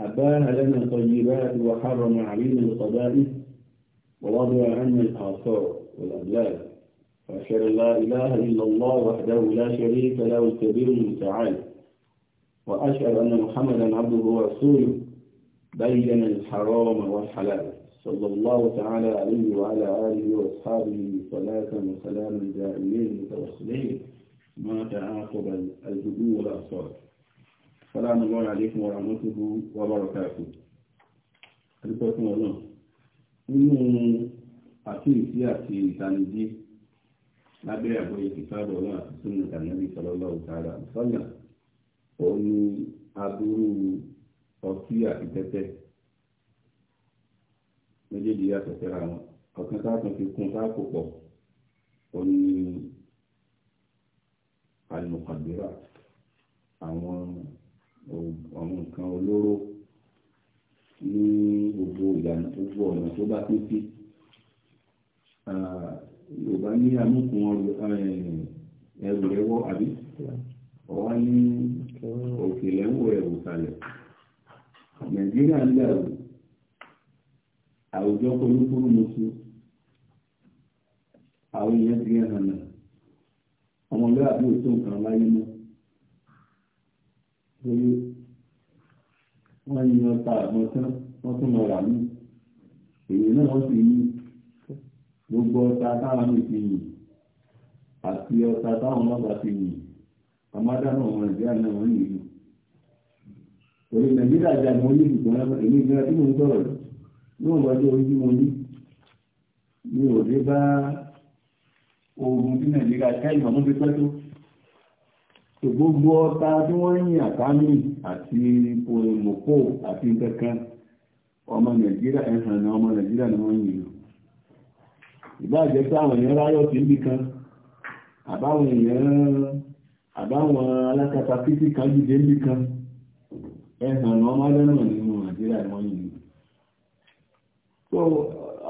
أبان لنا الطيبات وحرم علينا القبائل ووضع عنا الآثار والأبلاد وأشهد أن لا إله إلا الله وحده لا شريك له الكبير المتعال وأشهد أن محمدا عبده ورسوله بين الحرام والحلال صلى الله تعالى عليه وعلى آله وأصحابه صلاة وسلام دائمين متوسلين ما تعاقب الهدوء والأصوات sọ́lámù wọn àlékún ọ̀rọ̀ àmọ́tòkú wọ́n bọ̀rọ̀ káàkiri adúgbò fún ọ náà nínú àkíyèsí àti ìtanijí lábẹ́ àgbọ̀yé kìtàbọ̀ náà àti súnmù ìdánilẹ́bí sọlọ́lọ́ òtara sọ́nà òun ni aburú ọtí àti tẹ́tẹ́ méjèèjì yàtọ̀ síra wọn ọ̀kan táàkùn fi kún táàkù pọ̀ òun ni àlùmọ̀kàdúrà àwọn nǹkan olóró ní gbogbo ìlànà gbogbo ọ̀nà tó bá pín sí yorùbá ní amúkùn ẹrù ẹwọ́ àbí ọ̀wá ní òkèlè ń wo ẹrù kalẹ̀ nàìjíríà ń dàrú àwùjọ polúkúrú musu àwọn èèyàn ti rẹ̀ hànà ọmọlúwàbí òtún nǹkan láyé mọ́ wọ́n ní ọta àgbọn tán wọ́n tún lọ rà mí èyí náà wọ́n sì ní gbogbo ọta táwọn mi fi yìn àti ọta táwọn ọlọ́pàá fi yìn àmọ́dá náà wọn náà wọ́n yìn ní. òye nàìjíríà jà ní orí ìgbìmọ̀ èmi ìgbìmọ̀ tí mo ń sọ̀rọ̀ níwọ̀n bá dé orí tí mo ní mi ò dé bá ogun tí nàìjíríà ká ìmọ̀ mọ́ fi pẹ́ gbogbo ọta tí wọ́n ń yìn àtàmì àti pòrèmòpò àti kankan ọmọ nàìjíríà ẹ̀hàn náà ọmọ nàìjíríà ni wọ́n yìn ìbáàjẹ́ àwọn èèyàn ráyọ̀ kan àbáwọn èèyàn àbáwọn alákatà títí kan jíde kan ẹ̀hàn náà ọmọ lẹ́nà nàìjíríà ni wọ́n yìn so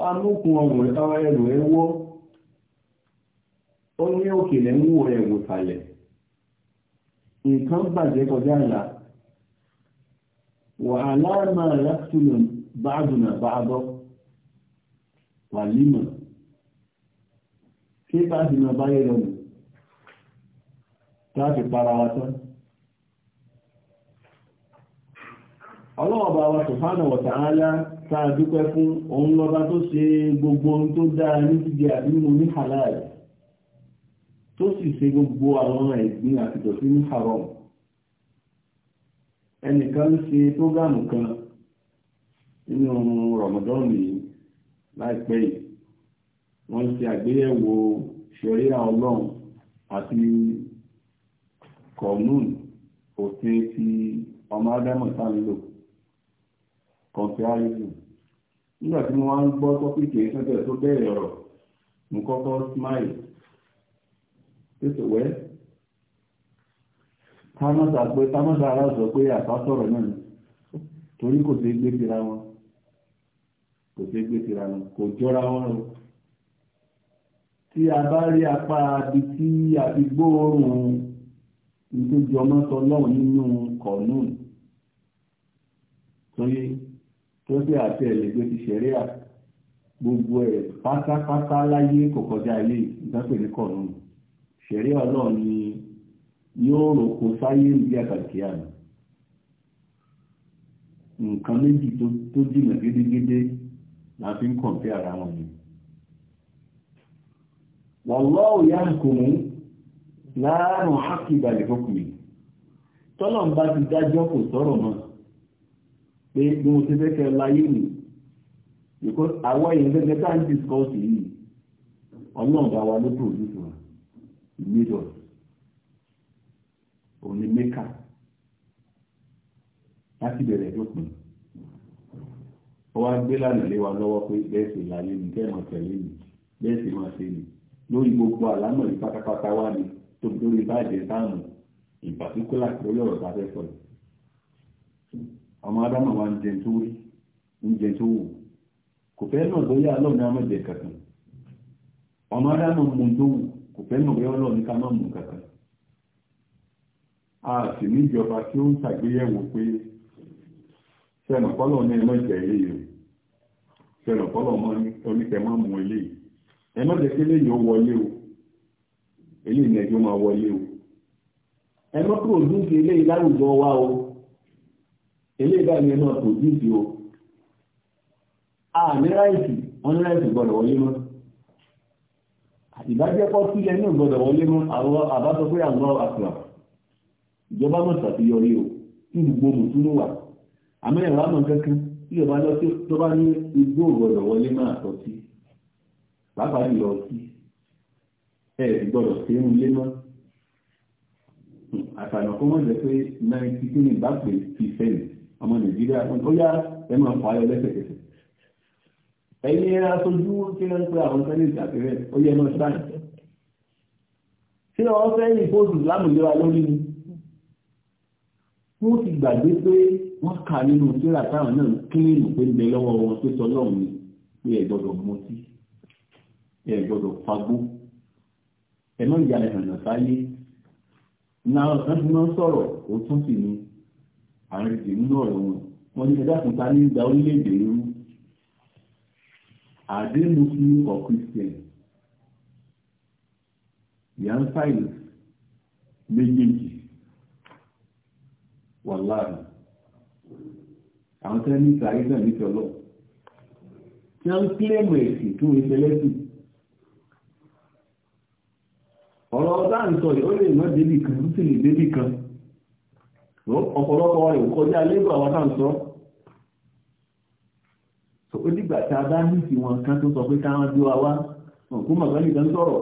amúkun ọmọ ẹ̀wọ́ ó ní nǹkan bàjẹ́ kọjá ìlà wà aláàmà láktùlù báàdùnà báàbọ́ wà límọ̀ kí bá báyé lọ́nà láti para wa ọlọ́ọ̀bá wa subhanahu wa ta'ala táa dúpẹ́ fún òun lọ́ba tó ṣe gbogbo ohun tó dáa ní jíjẹ ala mo tó sì ṣe gbogbo àwọn ẹ̀gbin àti ìdọ̀tí ní haram ẹnìkan ló ṣe prógámù kan nínú Ramadan yìí láìpẹ́ yìí wọ́n ṣe àgbéyẹ̀wò ṣẹ̀ríà ọlọ́run àti kọ̀ọ̀nùn òfin ti ọmọ ádámọ̀ tá ń lò comparison nígbà tí mo wá ń gbọ́ tọ́pìkì ìṣẹ́jẹ̀ tó bẹ̀rẹ̀ ọ̀rọ̀ mo kọ́kọ́ smile pẹ̀tọ̀ wẹ́ támọ́sà pé támọ́sà ara sọ pé àpá sọ̀rọ̀ náà ni torí kò sí gbé tira wọn kò sí gbé tira wọn kò jọra wọn o tí a bá rí apá abi tí a fi gbóòórùn nítorí ọmọ sọ lọ́wọ́ nínú kọ̀ọ̀nùn torí tó sì àti ẹ̀lẹ́gbẹ́ ti ṣẹ̀ríà gbogbo ẹ̀ pátápátá láyé kò kọjá ilé ìdápẹ̀ ní kọ̀ọ̀nùn. ṣẹ̀rí ọlọ́run ni yóò roko sáyé ìdí àkàkíyà nǹkan méjì tó jìnà gédégédé la fi ń kọ̀ǹpẹ́ ara wọn ni wallahu yahkumu la mu'aqqiba li hukmi tọ́lọ̀ ń bá ti dájọ́ kò sọ̀rọ̀ mọ́ pé mo ti fẹ́ kẹ́ láyé nì because àwọn èèyàn tá à ń discuss yìí middle òun ni maker láti bẹ̀rẹ̀ dópin ó wá gbé lánàá lé wa lọ́wọ́ pé bẹ́ẹ̀ sì láyé ni bẹ́ẹ̀ máa tẹ̀lé ni bẹ́ẹ̀ sì máa ṣe ni lórí gbogbo àlámọ̀ ní pátápátá wá ni tó lórí báàjẹ́ táàmù ìpàtíkúlà lórí ọ̀rọ̀ tá a fẹ́ sọ yìí ọmọ adámọ̀ wa ń jẹun tó wí ń jẹun tó wù kò fẹ́ náà bóyá lọ́nà àmọ̀jẹ̀ kankan ọmọ adámọ̀ mú tó wù kò fẹ́ bẹ́ẹ̀ ọlọ́run ní ká a sì ní ìjọba tí ó ń ṣàgbéyẹ̀wò pé sẹ́nà ní ẹ má jẹ eléyìí o sẹ́nà kọ́lọ̀ mọ́ oníkẹ́ mú eléyìí ẹ má jẹ́ kí eléyìí ó wọlé o eléyìí máa wọlé o o eléyìí o ráìsì wọn ní ráìsì gbọdọ̀ wọlé ìbájẹ́pọ̀ sílẹ̀ ní ìgbọ́dọ̀ wọlé mú àwọn àbátọ pé àwọn àkùrà ìjọba mọ̀ ṣàfihàn o tí gbogbo mùsùlùmí wà àmẹ́rin wa mọ̀ kankan tí ìjọba lọ sí tó bá ní igbó ìgbọ́dọ̀ wọlé máa tọ́ sí pàápàá jùlọ sí ẹ ìgbọ́dọ̀ sí ń lé mọ́ àtànà kó wọ́n jẹ́ pé náà ti kí ni ìbá pè fi fẹ́ẹ̀ ọmọ Nàìjíríà ó yá ẹ máa fọ ayọ̀ lẹ́sẹ̀kẹsẹ̀ ẹ̀yin aṣojú tí wọ́n ń pe àwọn tẹ́lẹ̀ ìjàpẹ̀rẹ̀ ó yẹ náà ṣíra ìfẹ́ tí wọ́n fẹ́ ní ìfóòsù ìsìlámù léwa lórí ni wọ́n ti gbàgbé pé wọ́n kà nínú síra táwọn náà kílíìnù pé ń bẹ lọ́wọ́ wọn pé sọlọ́run ni pé ẹ gbọ́dọ̀ mọtí ẹ gbọ́dọ̀ fagbó ẹ náà ìyá ìrànà sáyé náà wọ́n ti máa ń sọ̀rọ̀ ó tún sì ní àárín ìdí nínú ọ̀rọ̀ wọn wọ́n ní ẹ̀dá kan ta ní ìgbà orílẹ̀-èdè irú Are they Muslim or Christian? The answer is méjèèjì. Wàláàrí. Àwọn tẹ́ ní ìtàrí náà ní tọ́lọ́. Tí wọ́n ń kílẹ̀mù ẹ̀sìn tó ń ṣẹlẹ́sìn. Ọ̀rọ̀ ọ̀dá ń sọ yìí, ó lè mọ́ débì kan, ó sì lè débì kan. Ọ̀pọ̀lọpọ̀ rẹ̀ kọjá lébù àwọn tá ń sọ ó dìgbà tá a bá nìtì wọn kan tó sọ pé káwọn bí wa wá kó mọ̀ sọ́ni kan sọ̀rọ̀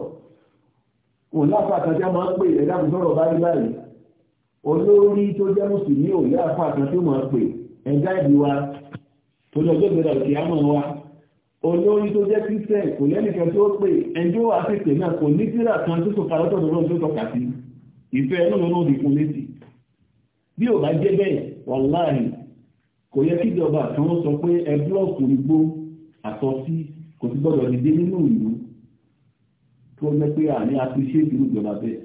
òun láfa àkàtì àmọ́ pé ẹ̀dá kò sọ̀rọ̀ bá rí báyìí olórí tó jẹ́ mùsùlùmí ò láfa àkàtì ó máa pè ẹ̀dá ìdí wa tó lọ́jọ́ ìgbéra òkè àmọ́ wa olórí tó jẹ́ kírísẹ̀ kò lẹ́nìkan tó pè ẹjọ́ àtẹ̀tẹ̀ náà kò ní tíra kan tó sọ parọ́tọ̀ lọ́rọ̀ tó tọ́ka kò yẹ kí ìjọba kan ó sọ pé ẹ búlọ́ọ̀kù igbó àtọ́sí kò sí gbọ́dọ̀ dìde nínú ìlú tó yẹ pé àní appreciate irú ìjọba bẹ́ẹ̀.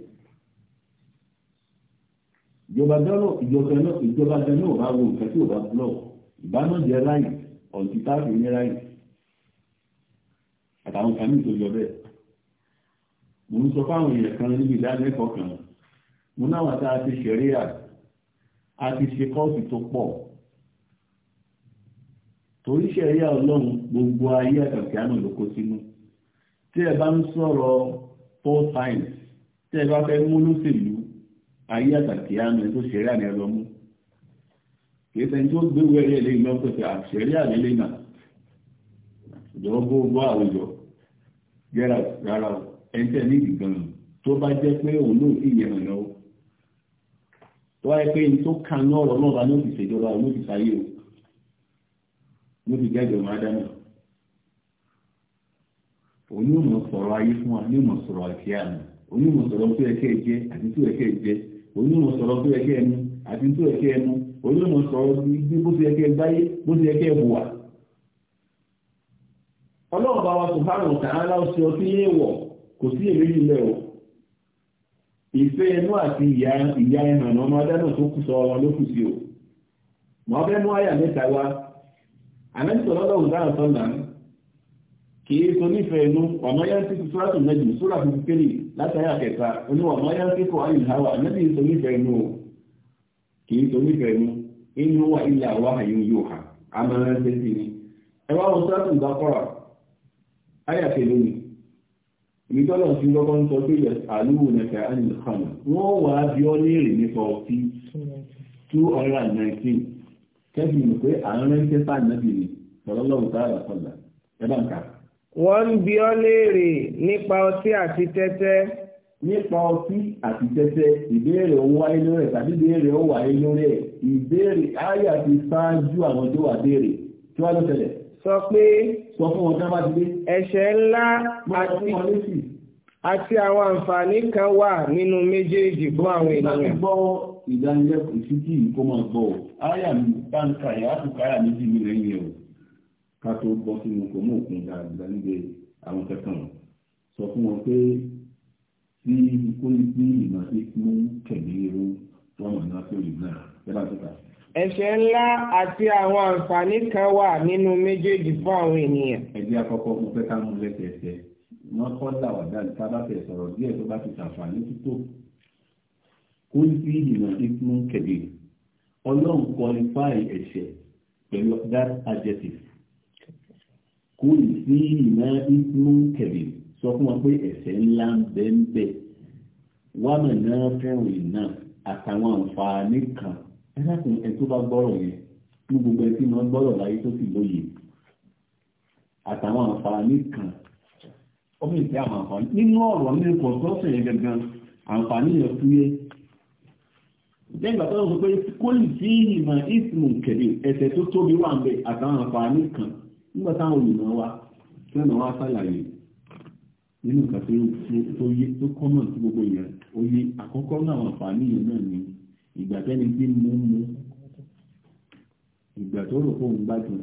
ìjọba dáná ìjọba náà ìjọba dáná ò bá wo nǹkan tí ò bá búlọ́ọ̀kù ìbánújẹ láì ọ̀dì táàbì ní láì àtàwọn kan ní ìtòjọ bẹ́ẹ̀. mo ń sọ fáwọn èèyàn kan níbi ìdánilẹ́kọ̀ọ́ kan mo náwọn tá a ti ṣẹ̀rí a ti ṣe kọ́ọ̀sì tó pọ̀ torí ṣẹ̀ríà ọlọ́run gbogbo ayé àtàkì àná ló kó sínú tí ẹ bá ń sọ̀rọ̀ four times tí ẹ bá fẹ́ mú lóṣèlú ayé àtàkì àná tó ṣẹ̀ríà ní ẹlọ́mú kìí sẹ́ni tó gbé wẹ́rẹ́ ilé ìlú ọ̀pẹ̀sẹ̀ àṣẹ̀ríà nílé náà ìjọba gbogbo àwùjọ yẹra rárá o ẹni tẹ́ ní ìgbìgbọ̀n tó bá jẹ́ pé òun náà sì yẹ̀ràn náà tó wáyé pé ní tó kan náà ọ̀rọ̀ náà bá ní òṣìṣẹ́ ìjọba òun òṣìṣẹ́ níbi gẹ́gẹ́ wọn ádámù onímọ̀ sọ̀rọ̀ ayé fún wa onímọ̀ sọ̀rọ̀ àkíyà mi onímọ̀ sọ̀rọ̀ tó ẹ̀kẹ́ jẹ́ àti tó ẹ̀kẹ́ jẹ́ onímọ̀ sọ̀rọ̀ tó ẹ̀kẹ́ mu àti tó ẹ̀kẹ́ mu onímọ̀ sọ̀rọ̀ bí bó ti gbáyé bó ti ọlọ́run bá wa ọtí wọ̀ kò sí èmi o ìfẹ́ ẹnu àti ìyá ìyá ọmọ tó sọ ọ àlẹ́sọ̀rọ̀ lọ́wọ́ dára sọ́nà kìí tó nífẹ̀ẹ́ inú wàmáyá tí kò sóràtù mẹ́jì sórà fún kékeré látàrí àkẹta oní wàmáyá tí kò ayé ìhàwà àlẹ́bí tó nífẹ̀ẹ́ inú kìí tó nífẹ̀ẹ́ inú inú wa ilẹ̀ àwa àyè yóò hà àmàlẹ́ ṣe sí ni ẹ wá wọn sóràtù ń dákọ́ra ayà kẹlẹ́ ni ìgbọ́dọ̀ tí kẹ́bí mọ̀ pé àwọn rẹ́ńtẹ́ fàánàbì ni sọlọ́lọ́wọ́ sára sọ̀lá ẹ̀bá ń kà. wọ́n ń bi ọ́ léèrè nípa ọtí àti tẹ́tẹ́. nípa ọtí àti tẹ́tẹ́ ìbéèrè ń wáyé lórí ẹ̀ tàbí ìbéèrè ń wáyé lórí ẹ̀ ìbéèrè ayé àti sáájú àwọn tó wà béèrè tí wọ́n lọ tẹ̀lẹ̀. sọ pé sọ fún wọn dábàá dé. ẹ̀ṣẹ̀ ńlá àti àwọn àǹfààní kan wà nínú méjèèjì fún àwọn ènìyàn ìdánilẹ́kùn sí kí ìkó máa gbọ́ ọ̀ áyà mi bá ń ka ìyá àtúkà áyà méjì mi lẹ́yìn ẹ̀ ká tó bọ́ sínú kò mú òkun dáadáa níbẹ̀ àwọn kẹkàn sọ fún wọn pé tí ikú ní ìmọ̀ sí mú kẹ̀lé irú wọn náà tó lè náà yẹ́lá tó kà. ẹ̀ṣẹ̀ ńlá àti àwọn àǹfààní kan wà nínú méjèèjì fún àwọn ènìyàn. ẹgbẹ́ àkọ́kọ́ mo fẹ́ ká mú lẹ́sẹẹsẹ wọ́n kọ́ làwàdà ní tábàfẹ́ sọ̀rọ̀ díẹ̀ tó bá ti ṣàǹfààní títò kó sí ìmọ̀ ìfún kẹ̀dé ọlọ́run qualify ẹ̀ṣẹ̀ pẹ̀lú that adjective kó sí ìmọ̀ ìfún kẹ̀dé sọ fún wa pé ẹ̀ṣẹ̀ ńlá ń bẹ ń bẹ wàmà náà fẹ́ràn iná àtàwọn àǹfààní kan ẹlẹ́kùn ẹ̀ tó bá gbọ́rọ̀ yẹn ní gbogbo ẹ̀ tí wọ́n gbọ́rọ̀ láyé tó sì lóye àtàwọn àǹfààní kan ọmọ ìfẹ́ àwọn àǹfààní nínú ọ̀rọ̀ nínú kọ̀ọ̀tọ́sọ̀ yẹn gangan àǹfààní yẹn fúyẹ́ lẹ́yìn ìgbà tọ́lọ́ sọ pé kó lè sí ìmọ̀ ìsìmù kẹ̀lé ẹ̀sẹ̀ tó tóbi wà ń bẹ àtàwọn àǹfààní kan nígbà táwọn olùmọ̀ wa tí wọ́n wá sàlàyé nínú nǹkan tó yé tó kọ́mọ̀ sí gbogbo yẹn oye àkọ́kọ́ náà àwọn àǹfààní yẹn náà ni ìgbà tẹ́ni tí mú mú ìgbà tó rò fóun gbádùn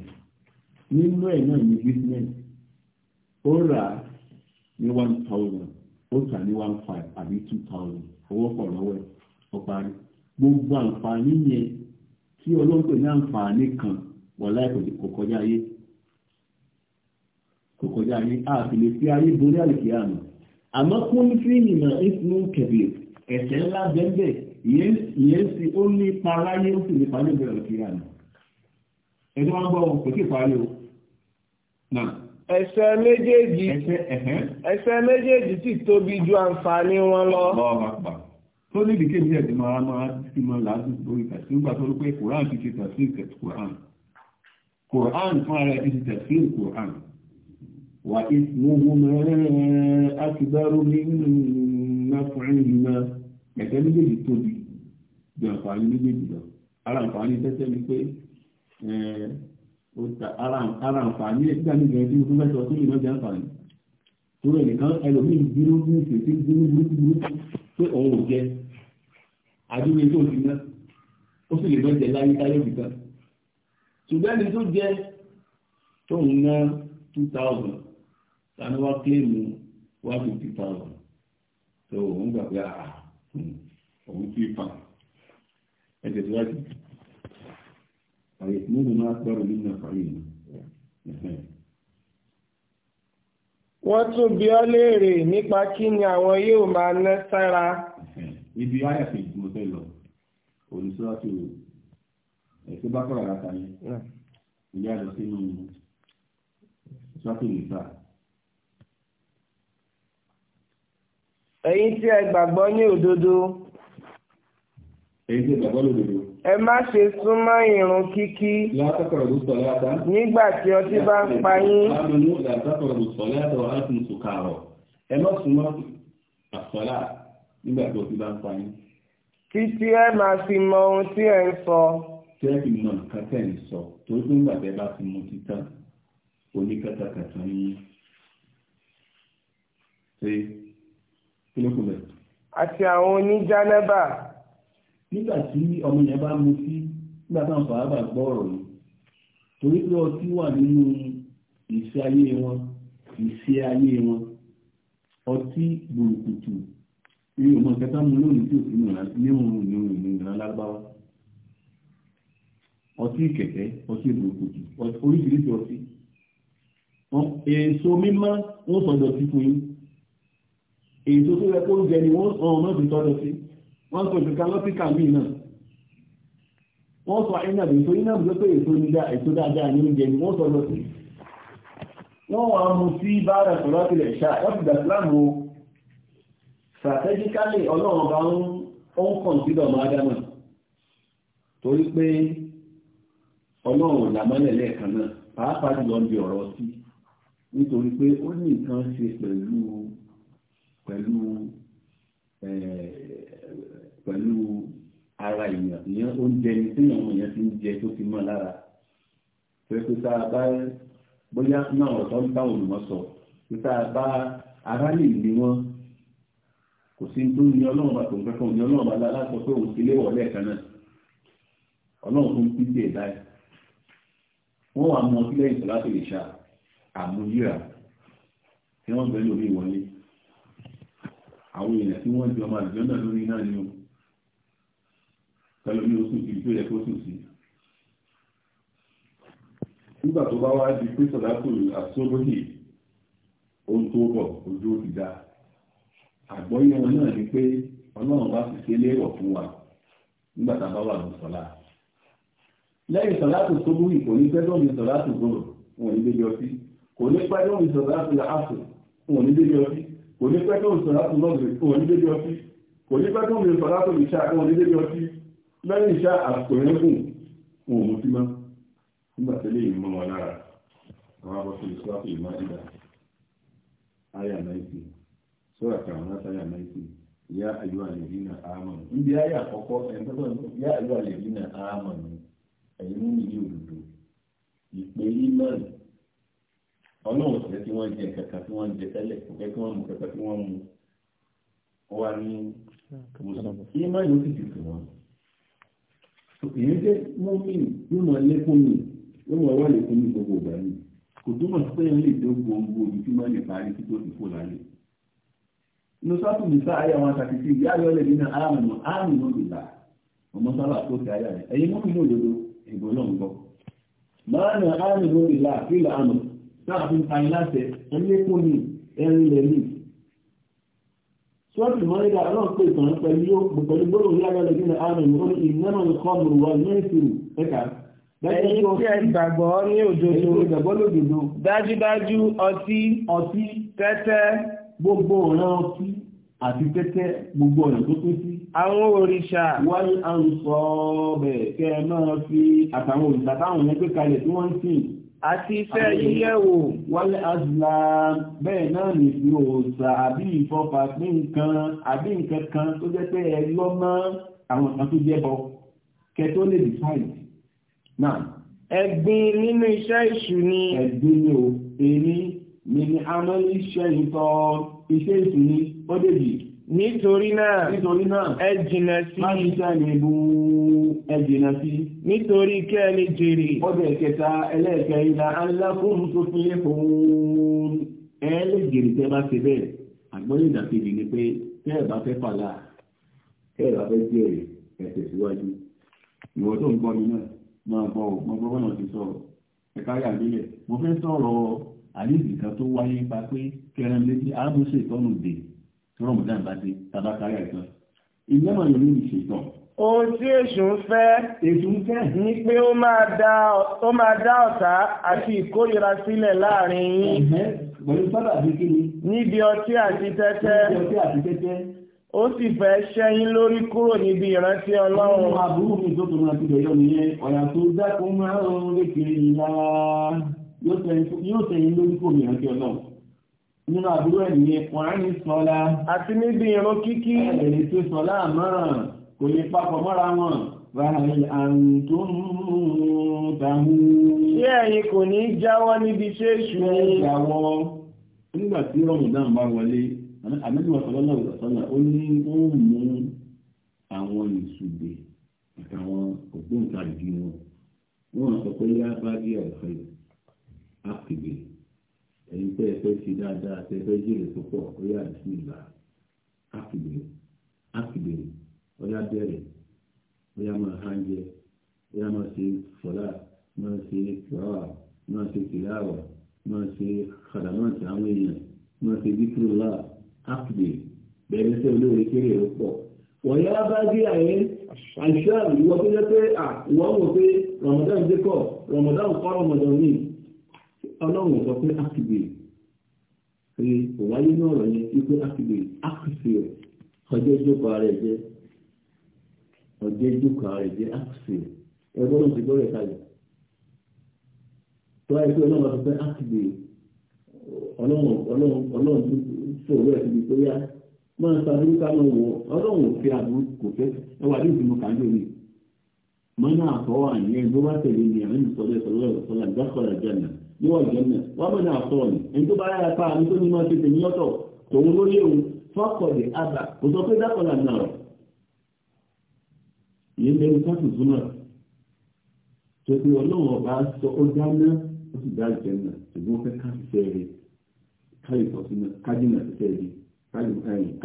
nínú ẹ̀ náà ni business ó rà ní one thousand ó tà ní one five àbí two thousand owó pọ̀ lọ́wọ́ ẹ̀ ó parí gbogbo àǹfààní yẹn tí ọlọ́pẹ̀ ní àǹfààní kan wà láìpẹ́ kò kọjá ayé kò kọjá ayé àfìlè sí ayé borí àlèkè àmì àmọ́ kún sí ìmọ̀ ìsinú kẹ̀lẹ̀ ẹ̀ṣẹ̀ ńlá bẹ́ẹ̀ ìyẹn sí ó ní paráyé ó sì ní paráyé bẹ̀rẹ̀ òkè àmì ẹjọ́ wọn gbọ́ kò sí parí o náà méjèèjì ẹ̀ṣẹ̀ méjèèjì sì tóbi ju àǹfààní wọn lọ tó lè dìkẹ́ ní ẹ̀dẹ̀ máa máa sí máa láàdùn lórí tẹ̀sí nígbà tó ló pé koran ti ṣe tẹ̀sí ìtẹ̀sí koran koran fún ara ti ṣe tẹ̀sí koran wà ìsìnwó mẹ́rẹ́ akíbárò ní nàfọ̀rin ìlú ẹ̀tẹ́ méjèèjì tóbi bí àǹfààní méjèèjì lọ ara àǹfààní tẹ́tẹ́ ni pé ara àǹfààní ẹ̀tíkà ní ìgbẹ̀rẹ̀ tí mo fẹ́ sọ sí ìlú ọjà àǹfààní tó rẹ̀ nìkan ẹlòmíì pé òun ò jẹ àdúgbò tó ti ná ó sì lè mọ́ jẹ láyé táyé nìkan ṣùgbọ́n ẹni tó jẹ tóun ná two thousand tani wá kílèmù one fifty thousand tó òun gbà pé àà ah, hmm, òun ti fà ẹ̀jẹ̀ tó wájú àyè tí mo gbọ́dọ̀ nínú àfààní yìí wọ́n tún bi ọ́ léèrè nípa kí ni àwọn yóò máa ná sára. ibi ayà kejì mo fẹ́ lọ olùsọ́ọ̀tì ẹ̀sẹ̀ bá kọ̀rọ̀ láta yẹn ìyá lọ sínú sọ́ọ̀tì nìta. ẹ̀yin tí ẹ gbàgbọ́ ní òdodo èyí tí ìgbàgbọ́ lòdòdó. ẹ má ṣe súnmọ́ ìrun kíkí. látàkọ̀rọ̀dù sọ̀láta. nígbà tí ọtí bá ń pa yín. lámìnú látàkọ̀rọ̀dù sọ̀láta wà láti mú sùkàrọ̀. ẹ má súnmọ́ àsọ̀lá nígbà tí ọtí bá ń pa yín. títí ẹ máa fi mọ ohun tí ẹ ń sọ. tí ẹ fi mọ nǹkan tẹ̀ ń sọ torí pé nígbà tí ẹ bá ti mú títàn oníkàtàkàtà yín. ṣé kí ló kù bẹ̀? àti àwọn oníjánábà nígbà tí ọmọ yẹn bá mu sí nígbà táwọn fàábà gbọ́ ọ̀rọ̀ yìí torí pé ọtí wà nínú ìṣe ayé wọn ìṣe ayé wọn ọtí burúkutu ní ọmọ ìkẹta mú lónìí tí òfin níhùn ìrìnà lágbáwá ọtí kẹ̀kẹ́ ọtí burúkutu oríṣiríṣi ọtí èso mímọ́ wọ́n sọ̀dọ̀ sí fún yín èso tó yẹ kó jẹ ni wọ́n ọmọ ìfẹ́ sọ̀dọ̀ sí wọ́n sọ ìfẹ́ká lọ́píkà míì náà wọ́n sọ inab èso inab ló pé èso nígbà èso dáadáa ní oúnjẹ ni wọ́n sọ lọ sí wọ́n wà mú sí bára sọ̀rọ̀ tilẹ̀ ṣá ẹ̀fùdà sílámù strategically ọlọ́run bá ń ó ń kọ̀ǹsídọ̀ máa dáná torí pé ọlọ́run làmọ́lẹ̀ lẹ́ẹ̀kan náà pàápàá jùlọ ń bi ọ̀rọ̀ sí nítorí pé ó ní nǹkan ṣe pẹ̀lú pẹ̀lú èèyàn ìyẹn oúnjẹ ni tí àwọn èèyàn ti ń jẹ tó ti mọ́ lára pẹ̀lú tá a bá bóyá náà ọ̀tọ̀ ń bá olùmọ̀ sọ pé tá a bá ara lè lé wọn kò sí tó ní ọlọ́run bá tó ń kẹ́kọ̀ọ́ ní ọlọ́run bá lára sọ pé òun ti lé wọlé ẹ̀ka náà ọlọ́run tó ń pín díẹ̀ dáì wọ́n wà mọ sílẹ̀ ìtọ́lá tó lè ṣá àmúyíra tí wọ́n bẹ̀rẹ̀ lórí ìwọlé àwọn èèyàn tí wọ́n jọ máa jọ náà lórí náà ni o pẹ̀lú ní oṣù tí tó yẹ kó sùn sí. nígbà tó bá wá di pé sọ̀dáàtò àsọ́gbòhì ohun tó bọ̀ ojú ó ti dá àgbọ́yé wọn náà ni pé ọlọ́run bá ti ṣe léèrọ̀ fún wa nígbà tá a bá wà ní sọ̀lá. lẹ́yìn sọ̀dáàtò sọ́gbòhì kò ní pẹ́ lómi sọ̀dáàtò gbòòrò wọn ní débi ọtí kò ní pẹ́ lómi sọ̀dáàtò àṣù wọn ní débi ọtí kò ní pẹ́ lómi sọ̀dáàtò lọ́gbẹ̀ẹ́ wọn ní débi ọtí kò ní pẹ́ lómi sọ̀dáàtò ìṣà lẹ́yìn iṣẹ́ àsìkò yẹn kù wọn ò nígbà tí mọ́ wọn lára àwọn abọ́sí ìṣúwàpù ìmọ̀ àyà náìtì sọ́ra láti náìtì yá àlèbí na àmọ̀ àyà àkọ́kọ́ ẹ̀ńtọ́tọ́ yá àlèbí na àmọ̀ ẹ̀yìn mú mi ní òdòdó ìpè ìmọ̀ràn ọlọ́run sì tí wọ́n jẹ kàkà tí wọ́n jẹ tẹ́lẹ̀ wọ́n kàkà tí wọ́n èyí jẹ́ mọ́mí yóò máa lékún mi yóò máa wà lékún mi gbogbo ìgbà yìí kò tó máa pé yẹn lè dé gbogbo ibi tí máa lè parí kí tó ti kó lálẹ́ inú sọ́tù mi sá ayé àwọn àtàkìtì ìyá ayọ́ lè nínú àmì àmì ló lè là ọmọ sábà tó ti ayé rẹ̀ ẹ̀yin mọ́mí ló lòdò ìgbò náà ń gbọ́ máa nà àmì ló lè là kí là àmì sáà fi ń pa iláṣẹ ẹlẹ́kún mi sọ́ọ̀tì mọ́rídà ọlọ́run pé ìtàn pẹ̀lú pẹ̀lú gbọ́dọ̀ ní agbára ìdílé ààrùn ìwọ́n ní ìnáwó nǹkan mú wa mẹ́sìrù ẹ̀ka. ẹ̀yin tí ẹ gbàgbọ́ ní òdodo ìgbàgbọ́ lódodo. dájúdájú ọtí àti tẹ́tẹ́ gbogbo ọ̀nà tó pín sí. àwọn òrìṣà. wọ́n ń sọ bẹ́ẹ̀ kẹ́ fi àtàwọn òrìṣà táwọn ẹgbẹ́ kalẹ̀ tí wọ́n ń sìn àti ìfẹ́ yíyẹ̀wò wọlé azùlá bẹ́ẹ̀ náà ní fi òòsà àbí ìfọfà pé nǹkan àbí nǹkan kan tó jẹ́ pé ẹ lọ mọ́ àwọn kan tó jẹ́ bọ kẹ tó lè decide náà. ẹ̀gbin nínú iṣẹ́ ìṣù ni. ẹ̀gbin ni o èmi mi ni amọ́lé iṣẹ́ ìtọ́ iṣẹ́ ìṣù ni ó dèjì nítorí náà nítorí náà ẹ jìnà sí májíṣà ní ibú ẹ jìnà sí nítorí kẹ́ lè jèrè ọdẹ̀ ìkẹta ẹlẹ́ẹ̀kẹ́ ìlà alákùn tó fi fún ẹ lè jèrè tẹ́ bá ṣe bẹ́ẹ̀ àgbọ́lẹ̀ ìdàkejì ni pé tẹ́ ẹ̀ bá fẹ́ fàlà tẹ́ ẹ̀ bá fẹ́ jèrè ẹ̀ tẹ̀síwájú ìwọ tó ń gbọ́ mi náà máa gbọ́ ọ mo gbọ́ ti sọ̀rọ̀ ẹ̀ka yà nílẹ̀ mo fẹ́ sọ̀rọ̀ àlejò kan tó wáyé pa pé kẹrin létí àmúṣe ìtọ́nù dè tí Ramadan bá dé tàbá kárí àìsàn ìlẹ́mọ̀ yìí ní ìṣèjọ. ohun tí èṣù ń fẹ́ èṣù ń fẹ́ ni pé ó máa dá ọ̀tá àti ìkórira sílẹ̀ láàrin yín. pẹ̀lú sábà bí kí ni. níbi ọtí àti tẹ́tẹ́. ó sì fẹ́ ṣẹ́yìn lórí kúrò níbi ìrántí ọlọ́run. àwọn àbúrò mi tó tòun àti ìbẹ̀yọ nìyẹn ọ̀yà tó dákun máa ń lékiri ìlà yóò tẹ̀yìn lórí kúrò níbi ìrántí ọlọ́run nínú àbúrò ẹ̀mí wọ́n á ní sọ́lá àti níbi ìran kíkí ẹ̀lẹ̀ tó sọ́lá mọ́ràn kò lè papọ̀ mọ́ra wọn báyìí àrùn tó ń tàhú ṣé ẹ̀yin kò ní jáwọ́ níbi ṣe èṣù ní ìyàwó nígbà tí rọrùn náà bá wọlé àmẹ́lú ọ̀sọ̀lọ́nà ọ̀sọ̀lọ́nà àwọn ìṣùgbè àtàwọn wọn wọn sọ pé yá bá gé ẹ̀yin pé ẹ fẹ́ ṣe dáadáa ẹ fẹ́ jèrè púpọ̀ ó yà sí ìlà ákìbèrè ákìbèrè ó yà bẹ̀rẹ̀ ó yà máa hàn jẹ ó yà máa ṣe fọlá máa ṣe kìláwà máa ṣe kìláwà máa ṣe kàdàmáàtì àwọn èèyàn máa ṣe díkùrọ̀lá ákìbèrè bẹ̀rẹ̀ sẹ́ olóore kéré ó pọ̀ wọ́n yá bá dé àyẹ́ àṣà ìwọ́n tó yẹ pé à wọ́n wò pé Ramadan dé kọ̀ Ramadan kọ́ Ramadan yìí ọlọ́run sọ pé activate pé kò wáyé ní ọ̀rọ̀ yẹn wípé activate activate ọjọ́ ìjókòó ara ẹ̀ jẹ́ ọjọ́ ìjókòó ara ẹ̀ jẹ́ activate ẹgbẹ́ ọ̀run ti gbọ́dọ̀ kalẹ̀ tó wáyé pé ọlọ́run sọ pé activate ọlọ́run ọlọ́run ọlọ́run tó sọ̀rọ̀ ẹ̀ síbi tó yá máa ń sàdúró ká lọ wọ ọlọ́run ò àbúrò kò fẹ́ ẹ wà ní ìdùnnú kan lónìí mọ́nà àkọ́wà ní ẹgbẹ́ wá tẹ̀lé ní àwọn ìsọ̀rọ̀ ìsọ̀rọ̀ ìsọ̀rọ̀ ìgbàkọ̀rọ̀ ìjànà níwọ̀n jẹ́nà wọ́n mọ̀ náà sọ ni ẹni tó bá yára pa àmì tó ní máa tètè ní ọ̀tọ̀ tòun lórí òun fọ́kọ̀dé àgbà kò sọ pé dákọ̀lá náà ìyẹn bẹ́ẹ̀ ká tuntun náà tó pé ọlọ́run ọba sọ ó dáná ó sì dá ìjẹ́nà ṣùgbọ́n fẹ́ ká ti fẹ́ẹ̀rẹ̀ ká lè sọ sínú ká jìnà ti fẹ́ẹ̀rẹ̀ ká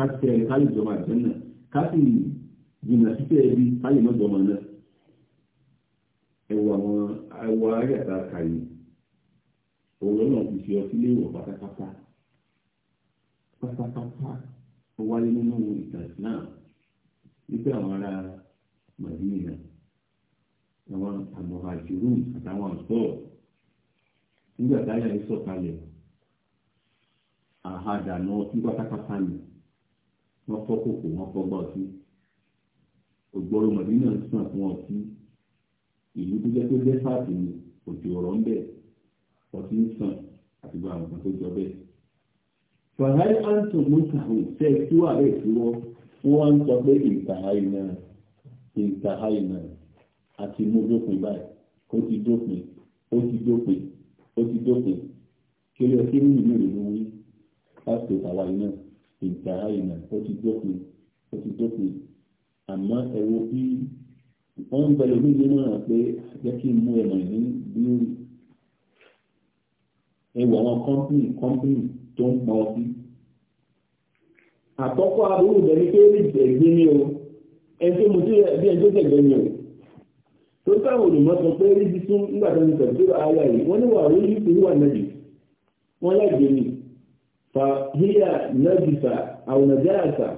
ti fẹ́ẹ̀rẹ̀ ká lè jọba ìjẹ́nà ká sì jìnà sí fẹ́ẹ̀rẹ̀ ká lè mọ́jọba náà ẹ̀wọ̀ àwọn ẹ̀wọ̀ òun náà ti fi ọtí léèwọ̀ pátápátá pátápátá ó wáyé nínú ìtàn islam wípé àwọn ará Màdínà àwọn àmọ̀ràn àjòrún àtàwọn àgbọ̀ nígbà táyà ń sọ̀kalẹ̀ àhàdànà ọtí pátápátá ni wọ́n fọ́ kòkò wọ́n fọ́ gbà ọtí ògbọ́rọ̀ Màdínà ń sàn fún ọtí ìlú tó jẹ́ tó jẹ́ fáàtì ni òjò ọ̀rọ̀ ń bẹ̀rẹ̀ ọtí ń sàn àti gba àwọn tó jọ bẹ́ẹ̀. fàhálì anton mùsàlùm tẹ́ tí wà lè fi wọ́n wọ́n ń sọ pé ìtàháìnà ìtàháìnà àti mú dópin báyìí ó ti dópin ó ti dópin ó ti dópin kí ló ṣe ń rìn rìn lórí láti ìtàwá iná ìtàháìnà ó ti dópin ó ti dópin àmọ́ ẹ wo bí wọ́n ń bẹ̀rẹ̀ mí nínú àpé jẹ́ kí n mú ẹ̀mọ̀ ní bíi ẹwọ àwọn kọ́mpìnì kọ́mpìnì tó ń pa ọtí. àkọ́kọ́ aburú bẹ̀rẹ̀ ní pé ó lè gbẹ̀gbẹ́ ní o ẹni tó mu sí bí ẹni tó gbẹ̀gbẹ́ ní o. tó táwọn olùmọ̀ sọ pé rí ti tún nígbà tó ń sọ sí ara yìí wọ́n ní wà rí yìí tó wà nàbì wọ́n lágbè ní fa híyà nàbìsà àwọn nàjàràsà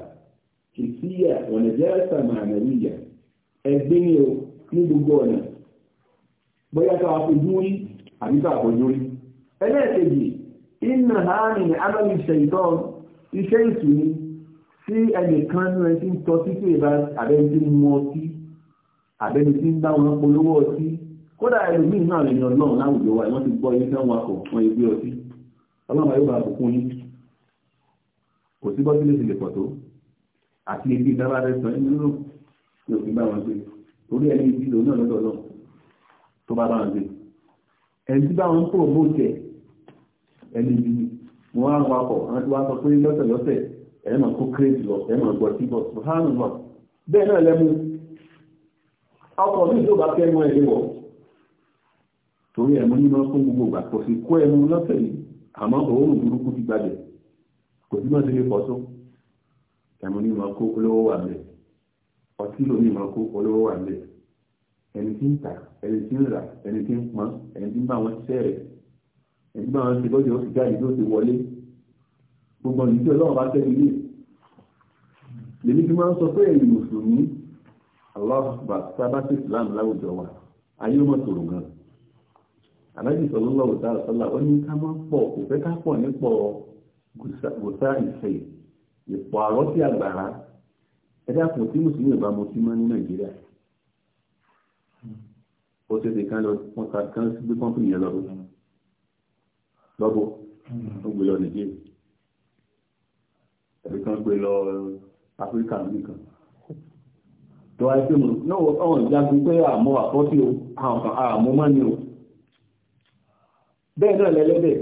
kìsíyà àwọn nàjàràsà màánàríyà ẹgbẹ́ ní o ní gbogbo ọ̀nà bóyá káwá fojú rí àbí káwá fojú rí ẹlẹ́ẹ̀kejì iná hàánì amẹ́lì ṣèǹtọ́ iṣẹ́ ìtùnú sí ẹnìkan ní ẹni tí ń tọ́ sí sí ìbá àbẹ́ni tí ń mu ọtí àbẹ́ni tí ń bá wọn polówó ọtí kódà ẹlòmíì náà lè yan lọ́run láwùjọ wa wọ́n ti gbọ́ ilé fẹ́ wọn kò wọ́n yẹ gbé ọtí ọlọ́run yóò bá àbùkún yín kò sí bọ́sí lè ṣe lè pọ̀ tó àti ebi dábàá rẹ sọ nínú ní òfin bá wọn gbé torí ẹni ìdílé náà lọ́dọ̀ náà tó bá bá wọn gbé ẹni tí bá wọn pò bó jẹ ẹni bí mo wá ń wakọ̀ àwọn tí wọ́n sọ pé lọ́sẹ̀lọ́sẹ̀ ẹ̀ máa kó kírètì lọ ẹ̀ máa gbọ́ síbọ̀ sùhánù lọ bẹ́ẹ̀ náà lẹ́mú ọkọ̀ mi tó bá fẹ́ mọ́ ẹ̀ léwọ̀ torí ẹ̀mú nínú fún gbogbo ìgbà kò sì kó ẹnu lọ́sẹ̀ yìí àmọ́ òórùn burúkú ti gbàgbẹ́ kò sí mọ́ sí lè pọ̀ tó ẹ̀mú nínú ọkọ̀ olówó wà lẹ̀ ọtí lómi máa kó olówó wà lẹ̀ ẹni tí ń ta ẹni tí ń rà ẹni tí ń pọn ẹni tí ń bá wọn ṣiṣẹ́ rẹ̀ ẹgbẹ́ wọn ti lóde oṣù jáde tó ti wọlé gbogbo ọ̀nà tí ọlọ́run bá tẹ́ ilé lèmi tí wọ́n sọ pé ẹ̀yìn mùsùlùmí aláàbà sábàtì islam láwùjọ wa ayé ọmọ tòrò gan aláàbì sọlọ́ lọ́wọ́ sára sọ́lá ó ní ká má pọ̀ kò fẹ́ ká pọ̀ nípọ̀ gòsá ìfẹ́ ìpọ̀ àrọ́ sí àgbàrá ẹ̀dá kò tí mùsùlùmí ò bá mo sí mọ́ ní nàìjíríà ó ṣe ti kán lọ pọ́ńtà kán gbé pọ́ńpì yẹn lọ́dún lọ́bọ̀ tó hmm. gbé lọ nìjírí ẹ̀bí kan gbé lọ áfíríkà nìkan tó wáyé pé mọ̀ náà ọ̀hún ìjagun pé àmọ́ àpọ́tí o àmọ́ mọ́ ni o bẹ́ẹ̀ náà lẹ́lẹ́dẹ̀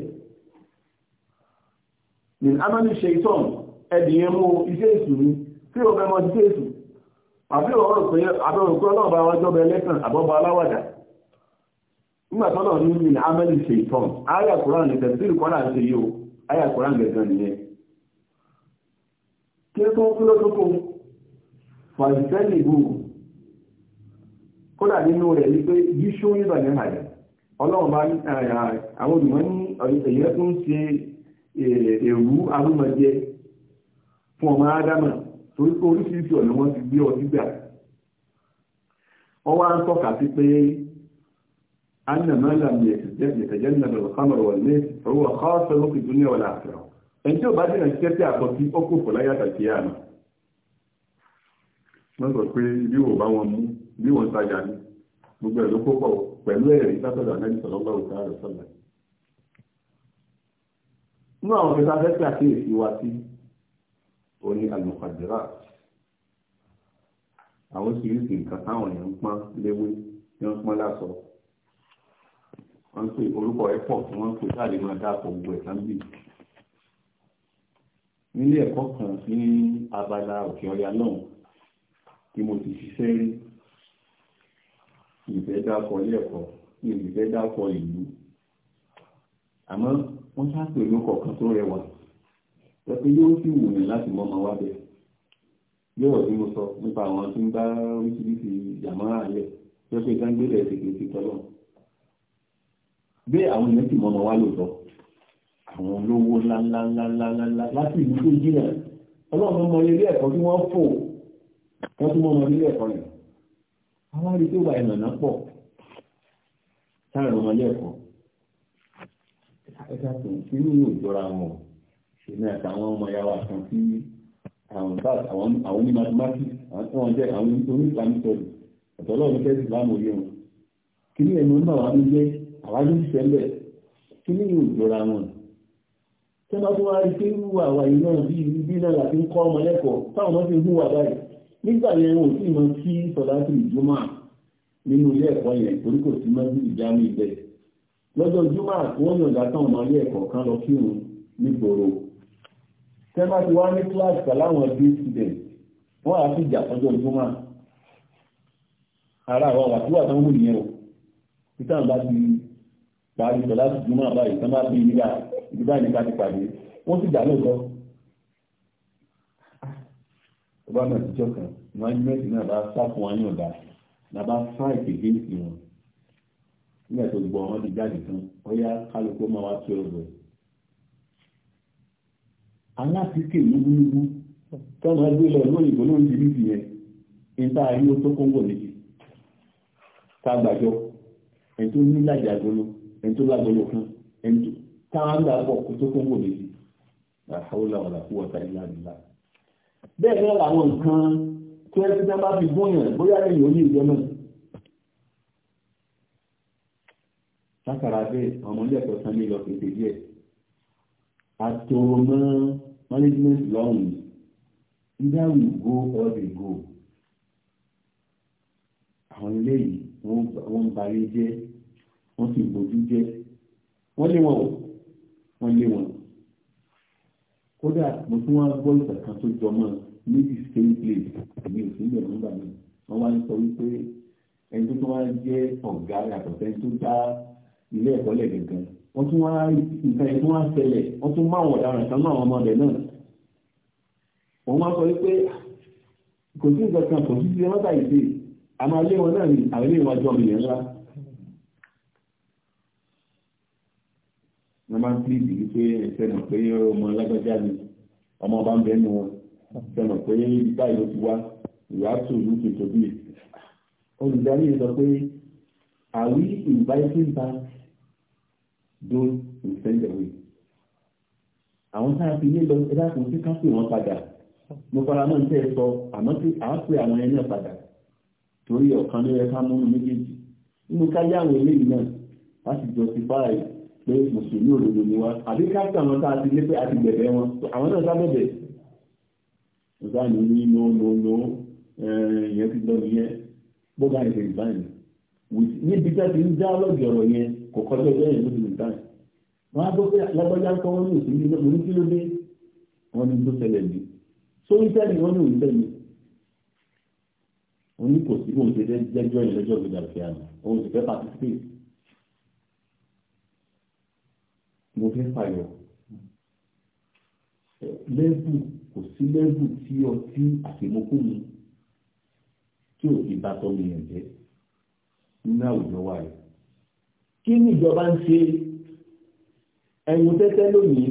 ní amánú ṣe ìtọ́n ẹ̀dìyẹn mú iṣẹ́ èṣù ni tí o fẹ́ mọ iṣẹ́ èṣù àbí ọ̀rọ̀ pé ọlọ́ọ̀bá wájọ́ bẹ lẹ́sàn àbọ́bá aláwàdà nígbàtọ́lọ̀ ní ní amẹ́lì ṣe ìtàn ayà kùrán ní tẹ̀sílì kọ́lá ṣe yíò ayà kùrán gẹ̀gẹ̀ nìyẹn kí tó ń kúrò tó kó fàìsẹ́lì bù kódà nínú rẹ̀ ní pé yíṣó nígbà ní àyà ọlọ́run bá àwọn olùmọ́ ní ẹ̀yẹ́ tó ń ṣe èrú fún ọmọ torí oríṣiríṣi ọ̀nà wọn ti gbé ọtí gbà أن ما لم يتجنب الخمر والميت فهو خاسر في الدنيا والآخرة ẹni tí ó bá dínà ṣiṣẹ́ tí àkọ́ sí ó kò fòláyà tàbí àmà wọ́n sọ pé bí wò bá wọn mú bí wọ́n tajà ní gbogbo ẹ̀ ló kó pọ̀ pẹ̀lú ẹ̀rí sátọ̀dọ̀ àmẹ́rin sọ̀lọ́gbà òkè àrẹ̀ sọ̀lá inú àwọn ọ̀fẹ́ sáfẹ́ tí àkíyèsí wa sí òní àlùkàdìrà àwọn oríṣiríṣi nǹkan táwọn èèyàn ń pọ́n léwé ń pọ́n lásọ̀ọ́ wọ́n pè orúkọ ẹ̀ wọ́n pè káàdì máa dáàpọ̀ gbogbo ẹ̀ sáńbì nílé ẹ̀kọ́ kan ní abala òkè ọya náà tí mo ti ṣiṣẹ́ rí ìfẹ́ dákọ̀ ilé ẹ̀kọ́ ní ìfẹ́ dákọ̀ ìlú àmọ́ wọ́n sáàpè lóko kan tó rẹwà pẹ̀pẹ́ yóò sì wù mí láti mọ́ ọmọ wa bẹ̀ yọ̀rọ̀ tí mo sọ nípa àwọn tí ń bá oríṣiríṣi jàmọ́ra lẹ̀ pẹ̀pẹ́ ìdágbélẹ̀ ti kìí ti tọ́lọ́run bẹ́ẹ̀ àwọn èèyàn sì mọ́mọ́ wá lóòótọ́ àwọn olówó ńláńláńláńláńlá láti ìlú tó jìnà ọlọ́run mọ ilé ẹ̀kọ́ tí wọ́n fò wọ́n tún mọ́mọ́ ilé ẹ̀kọ́ yẹn àwọn àrí tó wà ìmọ̀nà pọ̀ sáàrùn ọmọlé ẹ̀kọ́ ẹ̀ka tó ti ní yóò jọra wọn èmi àtàwọn ọmọ ìyá wa kan sí àwọn ní mathematics àwọn tí wọ́n jẹ́ àwọn oníkàmítọ́lù ọ̀tọ̀ ọlọ́run kẹ́sì láàmú yẹn kí ni ẹ̀mọ́ náà wà ní jẹ́ àwa ló ń ṣẹlẹ̀ kí ní yóò jọra wọn tí wọ́n tó wá rí pé wíwà wà yìí náà bí ibi náà láti ń kọ́ ọmọ lẹ́kọ̀ọ́ táwọn ọmọ ti ń báyìí nígbà yẹn wọn ò sì mọ sí sọ̀dájú ìjọmọ́ nínú ilé ẹ̀kọ́ yẹn torí kò sí mọ́jú ìjánu ibẹ̀ lọ́jọ́ jùmọ̀ wọ́n yàn dátàn ọmọ ilé ẹ̀kọ́ kan lọ kí òun nígboro tẹ́ bá ti wá ní kíláàsì pẹ̀láwọn bíi student parí sọ láti jùmọ̀ àbáyé tán bá fi ìdígbà ìdígbà ìdígbà ti pàdé wọ́n sì dà lóòótọ́. ọba náà ti jọ kan májúmẹ́tì náà bá sá fún wọn yọ̀ǹda náà bá fá ìpèké sí wọn nígbà tó gbọ́ wọn ti jáde tán ọyá kálukú máa wá tó ọ̀rọ̀ ẹ̀. aláàfíkè lúgúlúgú tọ́nà ẹgbẹ́ lọ lóyìn tó lóyìn ti níbi yẹn níta ayé tó kóńgò níbi tá a gbàjọ ẹ̀ tó ní lájà gbólóhùn ẹni tó lágbọ́lò kan ẹni tó táwọn gbà pọ̀ kó tó kóńgò méjì làhàwùlà wàlà kú wọ́ta ilé àdìlá. bẹ́ẹ̀ náà làwọn nǹkan tó ẹni tí wọ́n bá fi gún yàn bóyá ẹ̀yìn ò ní ìjọ náà. látara bẹ́ẹ̀ ọmọ ẹ̀kọ́ sanni lọ pèsè díẹ̀ àtòmọ́ management lọ́hùn-ún either we go or àwọn ilé wọ́n ń parí jẹ́ wọ́n sì bójú jẹ́ wọ́n lé wọn wọ́n lé wọn kódà mo tún wá gbọ́ ìgbà kan tó jọmọ́ méjì same place èmi ò sí ilẹ̀ nígbà mi wọ́n wá ń sọ wípé ẹni tó tún wá jẹ́ ọ̀gá yàtọ̀ sẹ́ni tó dá ilé ẹ̀kọ́ lẹ̀ gẹ̀gẹ̀ wọ́n tún wá nǹkan ẹ̀ tún wá ṣẹlẹ̀ wọ́n tún máwọn ọ̀daràn kan náà àwọn ọmọ rẹ̀ náà wọ́n wá sọ wípé kò sí nǹkan kan kò sí ti ẹ mọ́tà ìṣe àmọ́ ilé wọn náà ni àwọn ìwájú ọmọ ìyẹn ńlá máa ń pílìsì wípé ẹ̀sẹ̀nà pé ọmọ alágbájá ni ọmọ bá ń bẹ́ nu wọn ẹ̀sẹ̀nà pé báyìí ló ti wá ìwà tó ìlú kètò bí i olùdarí sọ pé are we inviting back those who send away àwọn tá a fi lé lọ ẹ dákun sí ká pè wọn padà mo fara mọ́ nípa ẹ sọ àmọ́ tí à á pè àwọn ẹni náà padà torí ọ̀kan ló yẹ ká múnú méjèèjì nínú ká yáwó eléyìí náà láti justify pé mùsùlùmí òdodo ni wá àbí káàkiri àwọn tá a ti lé pé a ti bẹ̀bẹ̀ wọn àwọn náà sábẹ̀bẹ̀ ọ̀sá ni ní no no no ìyẹn ti lọ́nu yẹn bó bá ìṣe ìbáyìí níbi tí a ti ń dá lọ́ọ̀dì ọ̀rọ̀ yẹn kò kọjọ́ ọjọ́ yẹn ló ti ìbáyìí wọ́n á gbọ́ pé lágbájá ń kọ́ wọn ní òsínú mo ní kí ló dé wọ́n ní tó ṣẹlẹ̀ ní sórí tẹ́lẹ̀ wọ́n ní òun tẹ́lẹ̀ òun ní kò sí òun ti jẹ́jọ́ ìlẹ́jọ́ ìgbàlùfẹ́ àná òun ti fẹ́ participate mo fẹ́ fàyọ. lẹ́bù kò sí lẹ́bù tí ọtí àtìmọ́kù mi tí ò ti bá tọ́ mi yàn jẹ́ nínú àwùjọ wa rẹ̀. kí ni ìjọba ń ṣe ẹ̀wù tẹ́tẹ́ lónìí?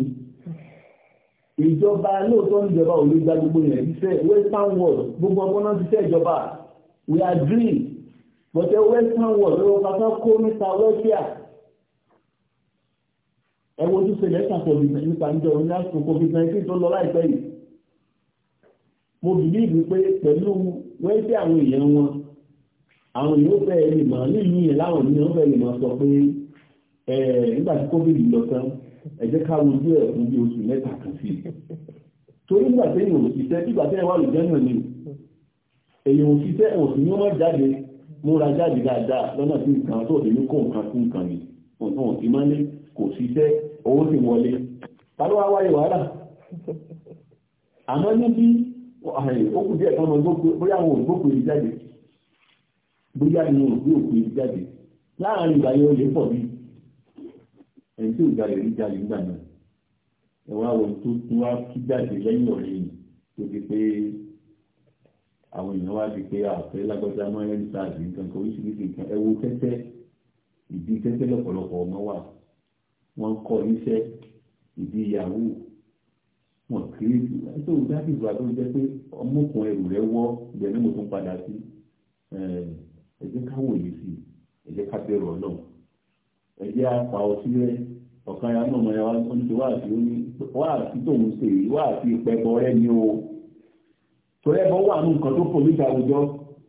ìjọba lóòótọ́ níjọba ò lè gba gbogbo yẹn iṣẹ́ western world gbogbo ọmọ náà ti ṣe ìjọba we agree but western world ló wọ́n pátá kó níta wẹ́tíà ẹwọ tó ṣe lẹ́sà covid nípa ìjọ ní àsìkò covid nineteen tó lọ láìpẹ́ yìí mo bìlíìbì pé pẹ̀lú wẹ́ẹ́sẹ̀ àwọn èèyàn wọn àwọn èèyàn fẹ́ lè mọ̀ nílùú yẹn láwọn èèyàn fẹ́ lè mọ̀ sọ pé nígbà tí covid lọ tán ẹ jẹ́ ká wojú ẹ̀ fún bí oṣù mẹ́ta kan sí i torí nígbà tí èèyàn ò sì tẹ́ nígbà tí ẹ wà lùjẹ́ náà ni èèyàn ò sì tẹ́ ẹ̀ ò sì ní ọmọ jáde múra jáde dáadáa lọ́nà tí nǹkan tó ò kò tán òsì mọ́lé kò síṣẹ́ owó sì wọlé tàbí wá wáyé wàhálà àmọ́ níbi okùn díẹ̀ kan bóyá àwọn ògbókùn yìí jáde bóyá ni wọn gbé òkú yìí jáde láàrin ìgbà yẹn ó lè pọ̀ bí ẹni tí òjà lè rí jáde nígbà náà ẹ̀wọ̀n àwọn tó tún wá kí jáde lẹ́yìn ọ̀rẹ́ yìí tó di pé àwọn èèyàn wá di pé àfẹ́ lágbọ́dá mọ́ ẹni sáà sí nǹkan kan oríṣiríṣi nǹkan ẹ̀wọ̀ kẹ́kẹ́ ìdí tẹ́tẹ́ lọ́pọ̀lọpọ̀ ọmọ wà wọ́n ń kọ́ iṣẹ́ ìdí yahoo wọn kiri tó dájú ìgbà tó ń jẹ́ pé ọmọkùnrin ẹrù rẹ̀ wọ́ ibẹ̀ ni mo tún padà sí ẹ jẹ́ ká wòye sí ẹ jẹ́ ká bẹ̀rù ọlọ́run ẹ jẹ́ apá ọtí rẹ ọ̀kan ya náà mọ̀ya wọn ti wá àti oní wá àti tòun ṣe èyí wá àti ìpẹ́bọ rẹ ni o torí ẹbọ wà ní nǹkan tó pọ̀ níta àwùjọ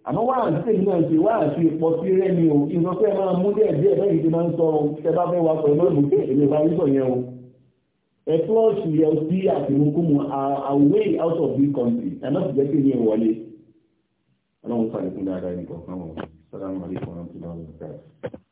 àmọ́ wá àti tèmi náà ṣe wá àti ìpọ̀ sí rẹ́ni o ìsọ pé máa mú díẹ̀ díẹ̀ bẹ́ẹ̀ ti máa ń sọ ohun tẹ bá fẹ́ wá sọ iná ìlú pé èmi bá wíṣọ yẹn o ẹ flush yẹ sí àtìmúkúmu away out of this country ẹ má sì jẹ́ kí ni ẹ wọlé ọlọ́run sàlékún dáadáa ní kọ̀ọ̀kan wọn sọ́dọ̀ àwọn àlejò wọn tó lọ́wọ́